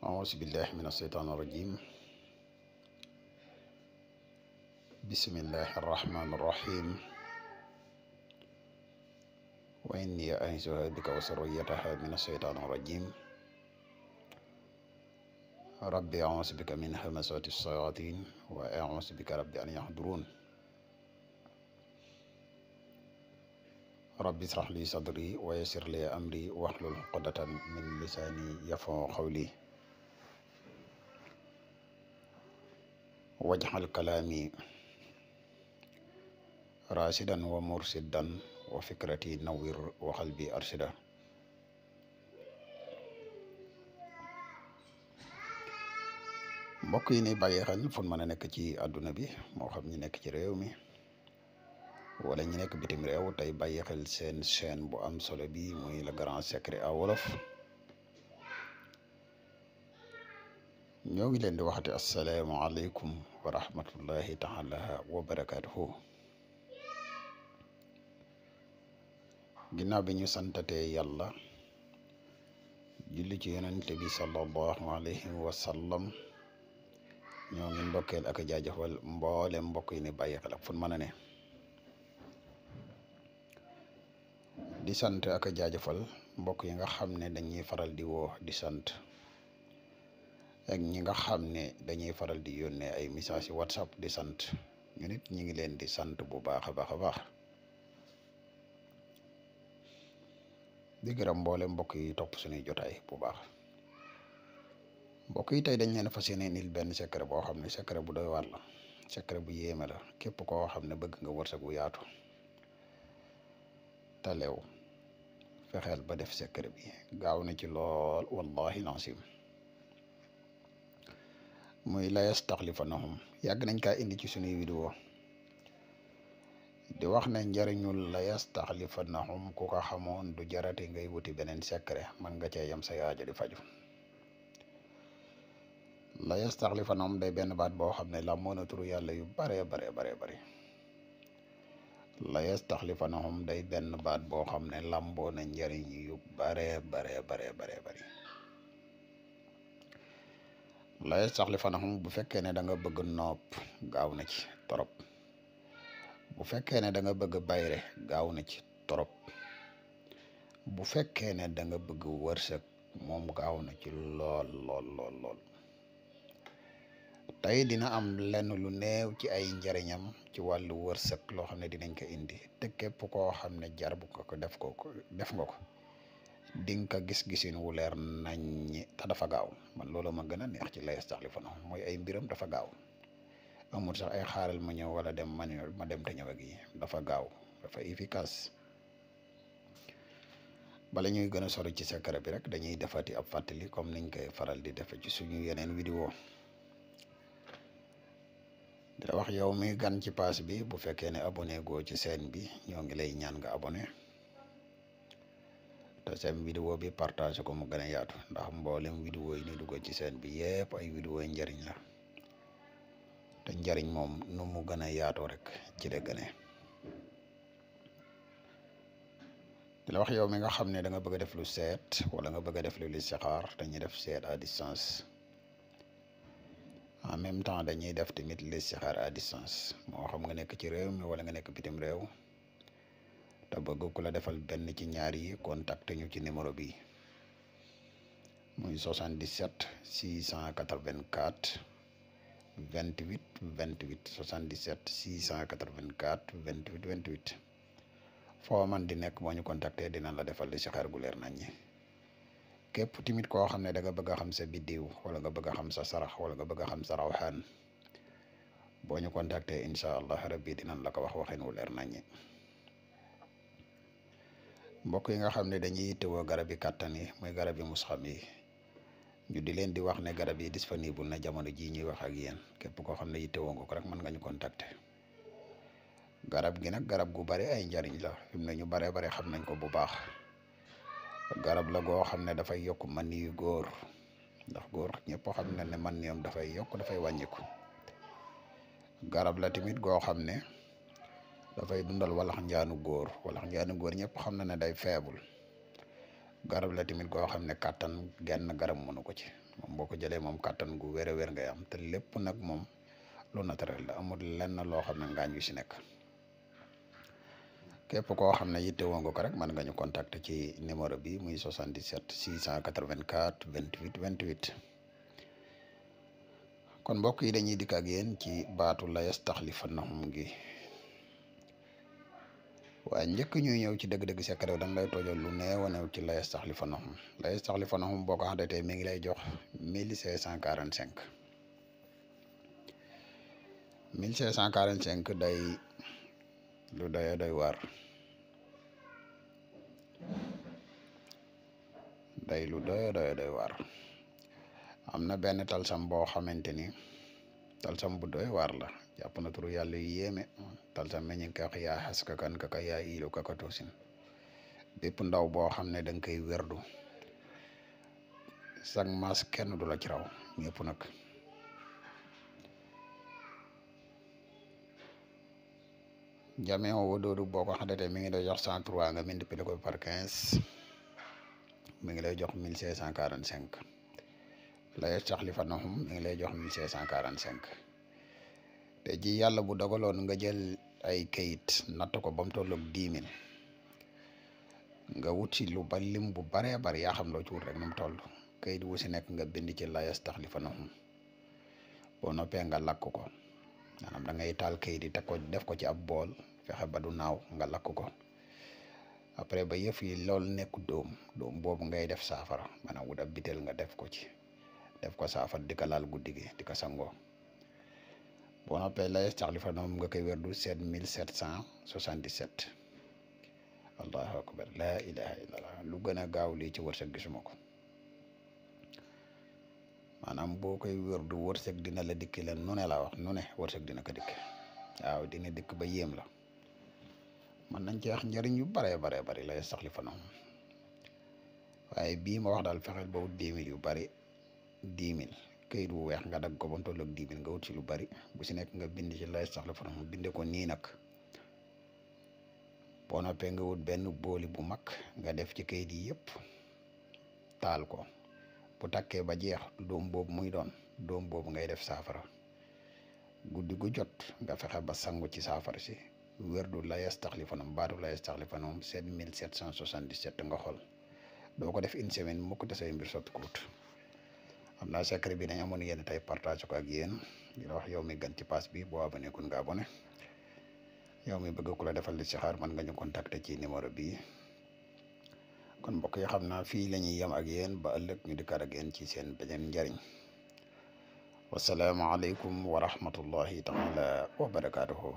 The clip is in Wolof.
أعوذ بالله من الشيطان الرجيم بسم الله الرحمن الرحيم وإني أعيذها بك وسريتها من الشيطان الرجيم ربي أعوذ بك من همسات الشياطين وأعوذ بك ربي أن يحضرون ربي اشرح لي صدري ويسر لي أمري واحلل عقدة من لساني يفقهوا قولي wajxal kalaami raasidan wa mursidan wa fikrati nawwir wa qalbi arshida mbokk yi ni bàyyi xel fon mën nekk ci àdduna bi moo xam ñi nekk ci réew mi wala ñi nekk bitim réew tey bàyyi seen chaîne bu am solo bi muy la grand secret a wolof ñoo ngi leen di waxati asalaamaaleykum wa rahmatullahi taala wa barakatuhu ginnaaw bi ñu santatee yàlla julli ci yonente bi sallallahu alayhi wa ñoo ngi ndokkeel ak jaajëfal mboole mbokk yi ne bàyyi xel ak mën a ne di sant ak jaajëfal mbokk yi nga xam ne dañuy faral di woo di sant ak ñi nga xam ne dañuy faral di yónnee ay message ci whatsapp di sant ñu nit ñi ngi leen di sant bu baax a baax a baax di gërëm mboolem mbokk yi topp suñuy jotaay bu baax mbokk yi tey dañ leen fas yéene nil benn secret boo xam ne secret bu doy waar la secret bu yéeme la képp koo xam ne bëgg nga wërsëg bu yaatu talew fexeel ba def secret bi gaaw na ci lool wallahi lancim muy layastaxlifanahum yàgg nañ kaa indi ci sunuy vidéo di wax ne njëriñu layastaxlifanahum ku ko xamoon du jarati ngay wuti beneen secret mën nga cee yem sa yaajo di faju layastaxlifanahum day benn baat boo xam ne la yàlla yu baree baree baree bëri layastaxlifanahum day benn baat boo xam ne lamboo na njëriñ yu bare baree baree baree bëri la yastaxlifanahum bu fekkee ne da nga bëgg nopp gaaw na ci torop bu fekkee ne da bëgg bayre gaaw na ci torop bu fekkee ne da bëgg wërsëg moom gaaw na ci lool lool lool lool tey dina am lenn lu néew ci ay njariñam ci wàllu wërsëg loo xam ne dinañ ko indi te képp koo xam ne jarbu ko ko def ko def nga ko di nga gis-gisin wu leer naññi te dafa gaaw man loolu ma gën a neex ci la yastaxlifunahu mooy ay mbiram dafa gaaw amul sax ay xaaral ma ñëw wala dem ma ma dem te ñëw ak dafa gaaw dafa efficace bala ñuy gën a sori ci secret bi rek dañuy defati ab fàttali comme niñ koy faral di defe ci suñu yeneen vidéo di la wax yow mi gan ci paas bi bu fekkee ne abonné goo ci seen bi ñoo ngi lay ñaan nga abonné seen vidéo bi partage ko mu gën a yaatu ndax mboolem vidéo yi ñu dugal ci seen bi yëpp ay vidéo njariñ la te njëriñ moom nu mu gën a yaatoo rek ci la gën a wax yow mi nga xam ne danga nga bëgg def lu seet wala nga bëgg def lu listixaar dañuy def seet à distance en même temps dañuy def tamit listixaar à distance moo xam nga nekk ci réew mi wala nga nekk bitim réew te bëgg ku la defal benn ci ñaari yi ñu ci numéro bi muy 77 684 28 28 77 684 28 28 foo man di nekk boo ñu contacté dina la defal li si xar gu leer nañ ñi képp timit koo xam ne da nga bëgg a xam sa biddiw wala nga bëgg a xam sa sarax wala nga bëgg a xam sa rawxaan boo ñu contacté incha allah rabbi dinañ la ko wax waxin wu leer nañ ñi mbokk yi nga xam ne dañuy yittewoo garab yi kàttan yi muy garab yi musxam yi ñu di leen di wax ne garab yi disponible na jamono jii ñuy wax ak yéen képp koo xam ne yittewoo nga ko rek mën nga ñu garab gi nag garab gu bare ay njariñ la fi mu ne ñu bare bare xam nañ ko bu baax garab la goo xam ne dafay yokk man yu góor ndax góor ñëpp xam na ne man yoom dafay yokk dafay wàññiku garab la tamit goo xam ne dafay dundal walax njaanu góor walax njaanu góor ñëpp xam na ne day feebul garab la tamit goo xam ne kàttan genn garab mënu ko ci moom boo ko jëlee moom kàttan gu wér a wér ngay am te lépp nag moom lu naturel la amul lenn loo xam ne ngaañ yu si nekk képp koo xam ne yittewoo nga ko rek mën nga ñu contacter ci numéro bi muy 77 684 28 28 kon mbokk yi dañuy dikk yen ci baatu la yastaxlifannahum gi waaye njëkk ñuy ñëw ci dëgg-dëgg secret dañ lay toojal lu neew a neew ci la lay la yastaxlifanahum boo ko xamante mi ngi lay jox mil cinq cent quarante cinq mille cinq cent quarante cinq day lu doyoo doy waar day lu doyoo doyoo waar am na benn talsam boo xamante ni talsam bu doy waar la jàpp na turu yàlla yu yéeme talta meññ kaax yaa xas kakan kaka yaa iilu kaka toosin bépp ndaw boo xam ne da nga koy werdu sag maas kenn du la ci raw ñëpp nag jamee wo doodu boo ko xamante mi ngi lay jox cent trois nga multiplié ko par quinze mi ngi lay jox mille cinq cent quarante cinq la yastaxlifannahum ngi lay jox mille cinq cent quarante cinq te ji yàlla bu dogaloon nga jël ay kayit natt ko ba mu tolloog dix mille nga wuti lu ba lim bu baree bari yaa xam loo ci wut rek nu mu toll kayit wu si nekk nga bind ci la yastaxlifanahum boo noppee nga lakk ko maanaam da taal kayit yi teg ko def ko ci ab bool fexe ba du naaw nga lakk ko après ba yëf yi lool nekk dóom dóom boobu ngay def saafara maanaam wut ab biteel nga def ko ci def ko saafara di ko laal guddi gi di ko sangoo. boo noppee la yastaxlifana moom nga koy werdu sept mil sept cent soixante-dix-sept akbar laa ilaha illallah lu gën a gaaw lii ci wërsëg gisuma ko maanaam boo koy werdu wërsëg dina la dikki la nu la wax nu ne dina ko dikk waaw dina dikk ba yéem la mën nañ ci wax njëriñ yu bare bare bari la yastaxlifana moom waaye bii ma wax daal fexeel ba wut dix mille yu bari dix mille kayit wu weex nga dagg ko ba mu toll diibin nga wut ci lu bari bu si nekk nga bind ci lay sax la fa mu binde ko nii nag boo nga wut benn booli bu mag nga def ci kayit yi yëpp taal ko bu takkee ba jeex doom boobu muy doon doom boobu ngay def saafara guddi gu jot nga fexe ba sangu ci saafara si wérdu layes taxli fanam baatu layes taxli fanam 7777 nga xool doo ko def une semaine mukk te say mbir sotti kuut xam naa secret bi nañ amoon yéen tey partage ko ak yéen di la wax yow mi gan ci pass bi boo ba kun nga abonné mi bëgg ku la defal li si xaar mën nga ñu contacter ci numéro bii kon mbokk yi xam naa fii la ñuy yem ak yéen ba ëllëg ñu dikkaat ak yéen ci seen beneen njariñ wasalaamaaleykum wa rahmatullahi taala wa barakaatuhu